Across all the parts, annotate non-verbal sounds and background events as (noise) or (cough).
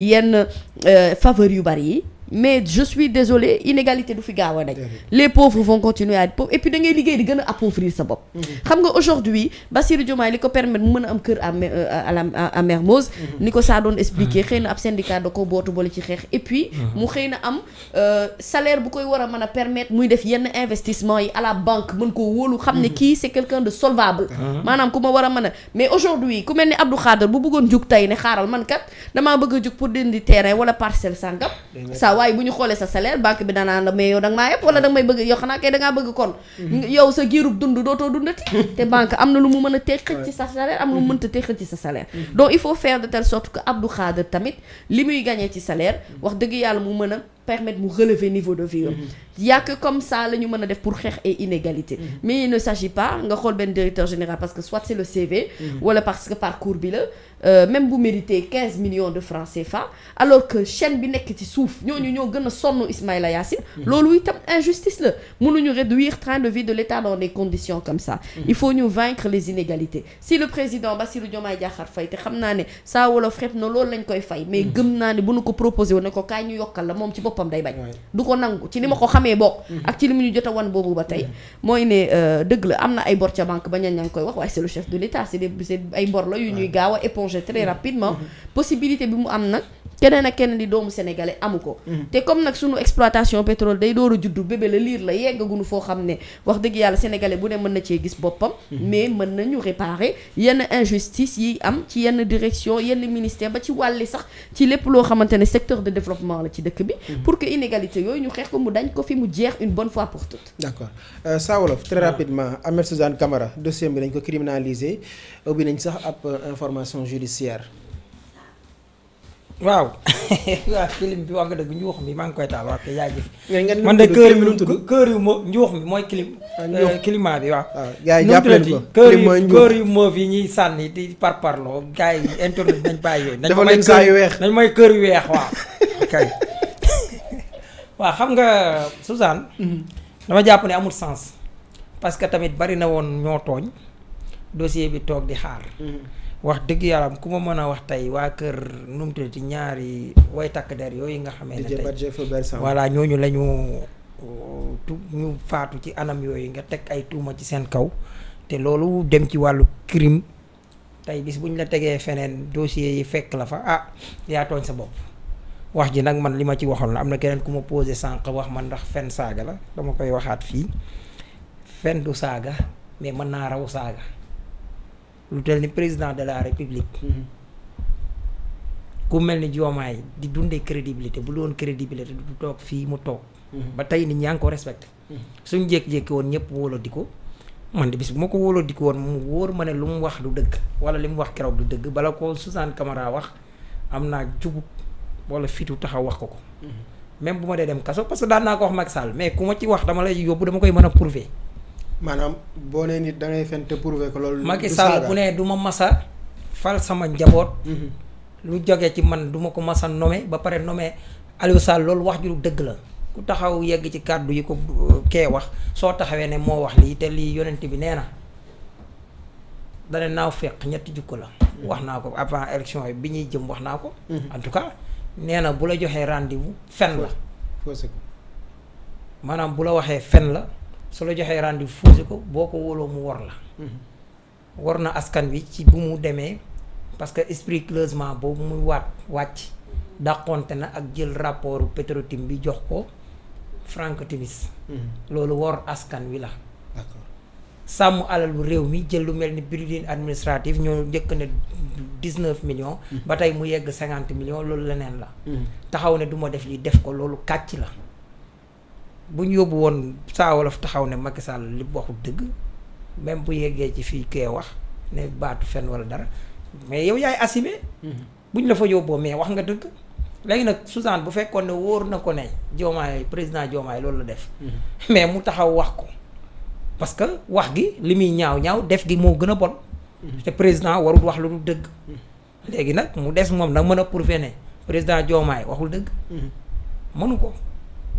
yenn euh, faveur yu bari yi mais je suis désolé inégalité du fi gaaw a dañ mhm. les pauvres vont continuer à être pauvres et ngay liggéey di gën a appauvrir sa bopp mhm. xam nga aujourd'hui Bassirou Diomaye li ko permettre mu mën a am kër à euh, à Mermoz mhm. ni ko saa doon expliquer xëy na ab syndicat da ko bootu boole ci xeex et puis mu xëy na am euh, salaire bu koy war a mën a permettre muy def yenn investissement yi à la banque mën ko wóolu xam ne kii c'est quelqu'un de solvable ah. maanaam ku ma war a mën a mais aujourd'hui ku mel ni Abdou Khader bu bëggoon jug tey ne xaaral man kat damaa bëgg a jug pour dindi terrain wala parcelle waaye bu ñu xoolee sa salaire banque bi danaan la mais yow da nga maa yëpp wala bëgg yow xanaa kay da ngaa bëgg kon mm-hmm. yow sa giirub dund dootoo dundati (laughs) te banque am na lu mu mën a teqal ci sa salaire am lu mu mm-hmm. mënta teqal ci sa salaire mm-hmm. donc il faut faire de telle sorte que Abdou Khader tamit li muy gagné ci salaire wax dëgg yàlla mu mën a permettre mu relever niveau de vie mhm. il y a que comme ça la ñu a def pour xeex et inégalité mhm. mais il ne s'agit pas nga xool benn directeur général parce que soit c'est le CV mhm. wala parce que parcours bi la Euh, même bu mérité millions de francs CFA alors que chaîne bi nekk ci suuf ñoo ñu ñoo gën a sonn Ismaïla Yassine loolu itam injustice la mënuñu réduire train de vie de l'État dans des conditions comme ça il faut ñu vaincre les inégalités na loolu lañ koy fay mais gëm naa ne bu nu ko proposé woon ne boppam day bañ du ko nangu ci ni ma ko xamee bokk mm-hmm. ak ci li mu ñu jot a wan boobu ba tey mm-hmm. mooy ne euh, dëgg la am na ay bor ca banque ba ñan ña ngi koy wax waaye c'est le chef de l'État c'est des c'est ay bor la yu ñuy gaaw a éponger très mm-hmm. rapidement possibilité bi mu am nag keneen a kenn di doomu sénégalais amu ko te comme nag sunu exploitation pétrole day door a juddu bébé la liir la yeggagunu foo xam ne wax dëgg yàlla sénégale bu ne mën na cee gis boppam mais mën nañu réparer yenn injustice yi am ci yenn direction yenn ministère ba ci wàlli sax ci lépp loo xamante ne secteur de développement la ci dëkk bi pour que inégalité yooyu ñu xeex ko mu dañ ko fi mu jeex une bon fois pour toutes. d' accord euh, Saa Wolof très ah. rapidement Ahmed Suzanne Camara dossier bi dañ ko criminalisé ubbi nañ sax ab euh, information judiciaire. waaw (laughs) waaw kilim bi wax nga dëgg njuux mi maa ngi koy taal waaw kay yaa jëf man de kër yu kër yu moo njuux mi mooy kilim ah, euh, bi waaw ah, numtulati kër yu kër yu moof yi ñuy sànni di par gars yi internet nañ bàyyi yooyu nañ may kër yu weex dañ mooy kër yu weex waaw (laughs) waa xam nga Suzanne. Mhm. dama jàpp ne amul sens. parce que tamit bari na woon ñoo tooñ dossier bi toog di xaar. Mhm. wax dëgg yàlla ku ma mën a wax tey waa kër nu ñaari way takk der yooyu nga xamee ne tey voilà ñooñu lañu ñu tu ñu faatu ci anam yooyu nga teg ay tuuma ci seen kaw te loolu dem ci wàllu crime tey bis bu ñu la tegee feneen dossier yi fekk la fa ah yaa tooñ sa bopp. wax ji nag man li ma ci waxoon la am na keneen ku ma posé sànq wax man ndax fenn saaga la dama koy waxaat fii fen du saaga mais mën naa raw saaga lu tel ni président de la république mhm. ku mel ni Diomaye di dundee crédibilité bu doon crédibilité du toog fii mu toog mhm. ba tey nit ñaa ngi ko respecté mhm. suñ jékki-jékki woon ñëpp wóoloo di ko man de bis bu ma ko wóoloo di ko woon mu wóor ma ne lu mu wax du dëgg wala li mu wax keroog du dëgg bala koo Suzanne Camara wax am naa jubub wala fitu taxaw wax ko ko. Mm-hmm. même bu ma dee dem kaso parce que daan naa ko wax Macky saal mais ku ma ci wax dama la yóbbu dama koy man a prouver. maanaam boo nee nit da ngay fen te prouver ko loolu. Macky Sall bu ne du ma masa fal sama njaboot. Mm-hmm. lu jóge ci man duma ma ko masa nommé ba pare nommé Aliou Sall loolu wax ju dëgg la. ku taxaw yegg ci kàddu yi ko euh, kee wax soo taxawee ne moo wax lii te lii yonent bi nee na dana naaw feq ñetti jukko la. Mm-hmm. wax naa ko avant élection ñuy jëm wax naa ko. nee na bu la joxee rendez-vous fen la faussé ko maanaam bu la waxee fen la su la joxee rendez-vous ko boo ko wóoloo mu war la mhm. war na askan wi ci bu mu demee parce que spéculeusement boobu muy waat wàcc dàqonte na ak jël rapport petro bi jox ko Franck Timis mhm. loolu wor askan wi la sàmm alalu réew mi jël lu mel ni building administrative ñoo njëkk ne dix-neuf million mm-hmm. ba tey mu yegg cinquante million loolu leneen la mm-hmm. taxaw ne du ma def li def ko loolu kàcc la bu ñu yóbbu woon saa wolof taxaw ne Macky Sall li waxu dëgg même bu yeggee ci fii kee wax ne baatu fen walla dara mais yow yaay assumé mm-hmm. bu ñu la fa yóbboo mais wax nga dëgg léegi nag Suzanne bu fekkoon ne wóor na ko ne Diomaye président Diomaye loolu la def mais mu taxaw wax ko parce que wax gi li muy ñaaw ñaaw def gi moo gën a bon. Mhm. te président warul wax lu dul dëgg. Mhm. léegi nag mu des moom na mën a pour ne président Diomaye waxul dëgg. Mhm. mënu ko.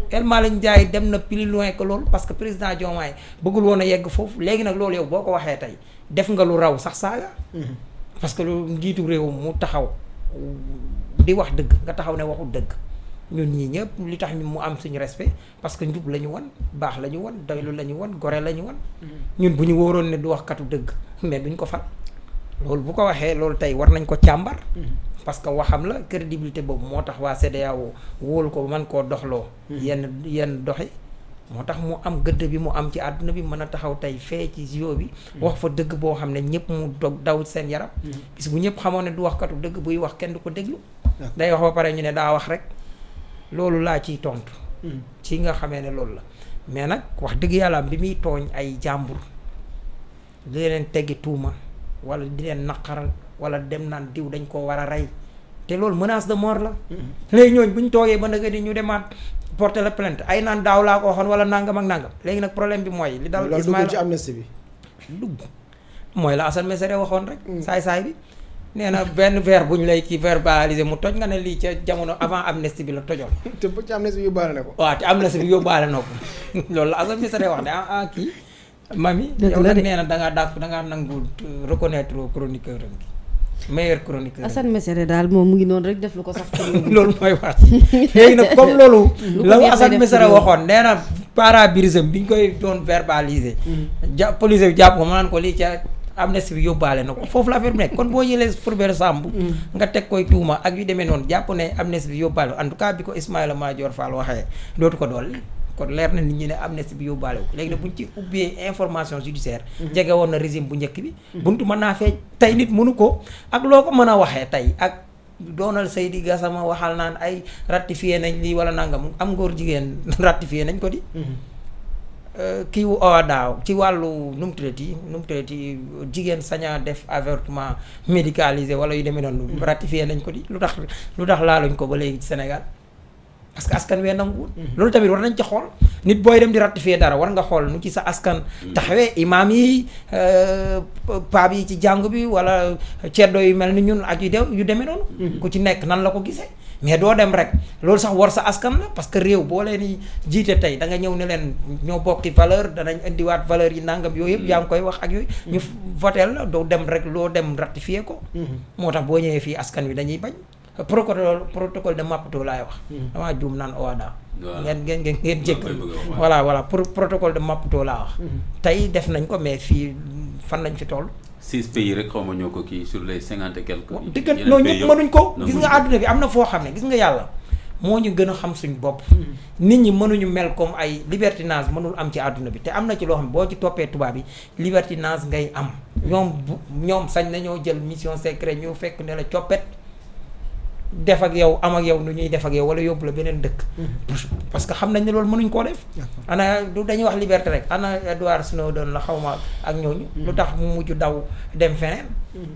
El Malick Ndiaye dem na plus loin que loolu parce que président Diomaye bëggul woon a yegg foofu léegi nag loolu yow boo ko waxee tey def nga lu raw sax saaga. parce que lu njiitu réew mu taxaw di wax dëgg nga taxaw ne waxul dëgg. ñun ñii ñëpp li tax ñu mu am suñu respect parce que njub la ñu wan baax la ñu wan doylu la ñu wan gore la ñu wan. Mm-hmm. ñun bu ñu wóoroon ne du wax katu dëgg mais duñ ko fal. loolu bu ko waxee loolu tey war nañ ko càmbar. Mm-hmm. parce que waxam la crédibilité boobu moo tax waa CEDEAO wóolu ko man koo doxloo. Mm-hmm. yenn yenn doxi moo tax mu am gëdd bi mu am ci àdduna bi mën a taxaw tey fee ci JO bi. wax fa dëgg boo xam ne ñëpp mu dog daw seen yaram. bis bu ñëpp xamoon ne du wax dëgg buy wax kenn du ko déglu. day wax pare ñu ne daa wax rek. loolu laa ciy tontu. Hmm. ci nga xamee ne loolu la mais nag wax dëgg yàlla bi muy tooñ ay jàmbur di leen teggi tuuma wala di leen naqaral wala dem naan diw dañ koo war a rey te loolu menace de mort la. léegi hmm. ñooñ bu ñu toogee ba nag ni ñu demaat porter la plainte ay naan daaw laa ko waxoon wala nàngam ak nangam léegi nag problème bi mooy. li dal Ismaïla loolu dugg ci amnistie bi. dugg mooy la Assane Mesere waxoon rek. Hmm. saay saay bi. nee na benn verre bu ñu lay kii verbaliser mu toj nga ne lii ca jamono avant amnistie bi la tojoon. te bu ci amnistie bi yóbbaale na ko. waaw te amnistie bi yóbbaale na ko (laughs) loolu la Assane Missiré wax ah, ah, de ah na da ngaa dàq da ngaa nangu euh, reconnaître chroniqueur am gi meilleur chroniqueur. Assane Missiré daal ngi noonu rek def lu ko sax. (laughs) loolu mooy wax (laughs) léegi nag comme waxoon nee na parabrisme bi ñu koy doon verbaliser. Mm. ja police bi jàpp ko ma naan ko lii ca. amnistie bi yóbbaale na ko foofu la affaire bi kon boo jëlee Fulbert Samb mm. nga teg koy tuuma ak yu demee noonu jàpp ne amnistie bi yóbbaale en tout cas bi ko Ismaïla Madior Fall waxee dootu ko dolli kon leer na nit ñi ne amnistie bi yóbbaale ko léegi nag buñ ci ubbee information judiciaire mm-hmm. jege woon na régime bu njëkk bi mm-hmm. buntu mën naa fee tey nit mënu ko ak loo ko mën a waxee tey ak doonal Seydi Gassama waxal naan ay ratifié nañ lii wala nangam am ngóor jigéen ratifié nañ ko di mm-hmm. Euh, kii wu OHADA ci wàllu nu mu tuddati nu mu tuddati jigéen sañaa def avortement médicalisé wala yu demee noonu. Mm-hmm. ratifié nañ ko di lu tax lu tax laaluñ ko ba léegi ci Sénégal parce que askan wee nanguwul. Mm-hmm. loolu tamit war nañ ca xool nit booy dem di ratifié dara war nga xool nu ci sa askan. Mm-hmm. taxawee imaam yi euh, paab yi ci jàng bi wala ceddo yu mel ni ñun ak yu dew yu demee noonu. ku ci nekk nan la ko gisee. mais doo dem rek loolu sax war sa askan la parce que réew boo leen di jiite tey da nga ñëw ne leen ñoo bokki valeur danañ indiwaat valeur yi nangam yooyu yëpp mm-hmm. yaa ngi koy wax ak yooyu mm-hmm. ñu voteel la doo dem rek loo dem ratifié ko mm-hmm. moo tax boo ñëwee fii askan wi dañuy bañ protocole protocole de Maputo laay wax damaa juum naan OHADA ngeen ngeen ngeen ngeen jéggal voilà voilà pour protocole de Maputo laa wax mhm. tey def nañ ko mais fii fan nañ fi tool six pays rek xaw ma ñoo ko kii sur les cinquante et quelques dëgg non ñëpp mënuñ ko gis nga àdduna bi am na foo xam ne gis nga yàlla moo ñu gën a xam suñ bopp mhm. nit ñi mënuñu mel comme ay libertinage mënul am ci àdduna bi te am na ci loo xam ne boo ci toppee tubaab yi libertinage ngay am mhm. ñoom bu ñoom sañ nañoo jël mission secret ñu fekk ne la coppet def ak yow am ak yow nu ñuy def ak yow wala yóbbu la beneen dëkk. Mhm. parce que xam nañ ne loolu mënuñ koo def. ana du dañuy wax liberté rek ana Edward Snowden la xaw ma ak ñooñu. Mhm. lu tax mu mujj daw dem feneen. Mhm.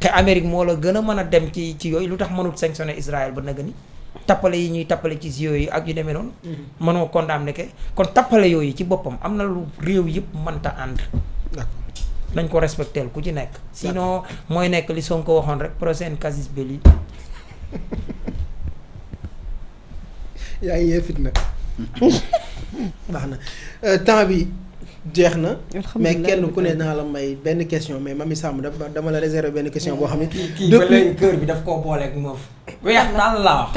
te Amérique moo la gën a mën a dem ci ci yooyu lu tax mënut sanctionné Israël ba nag ni tappale yi ñuy tappale ci yooyu ak yu demee noonu. mënoo condamné ke kon tappale yooyu ci boppam am na lu réew yëpp mënta ànd. nañ ko respecté ku ci nekk. si sinon mooy nekk li Sonko waxoon rek procès casus belli. yaa ngi yee fitna baax na euh, temps bi jeex na. mais kenn ku ne naa la may benn question mais Mamy daf dama la réserver benn question boo xam ni kii ba léegi kër bi daf koo booleeg moof. weex naa la wax.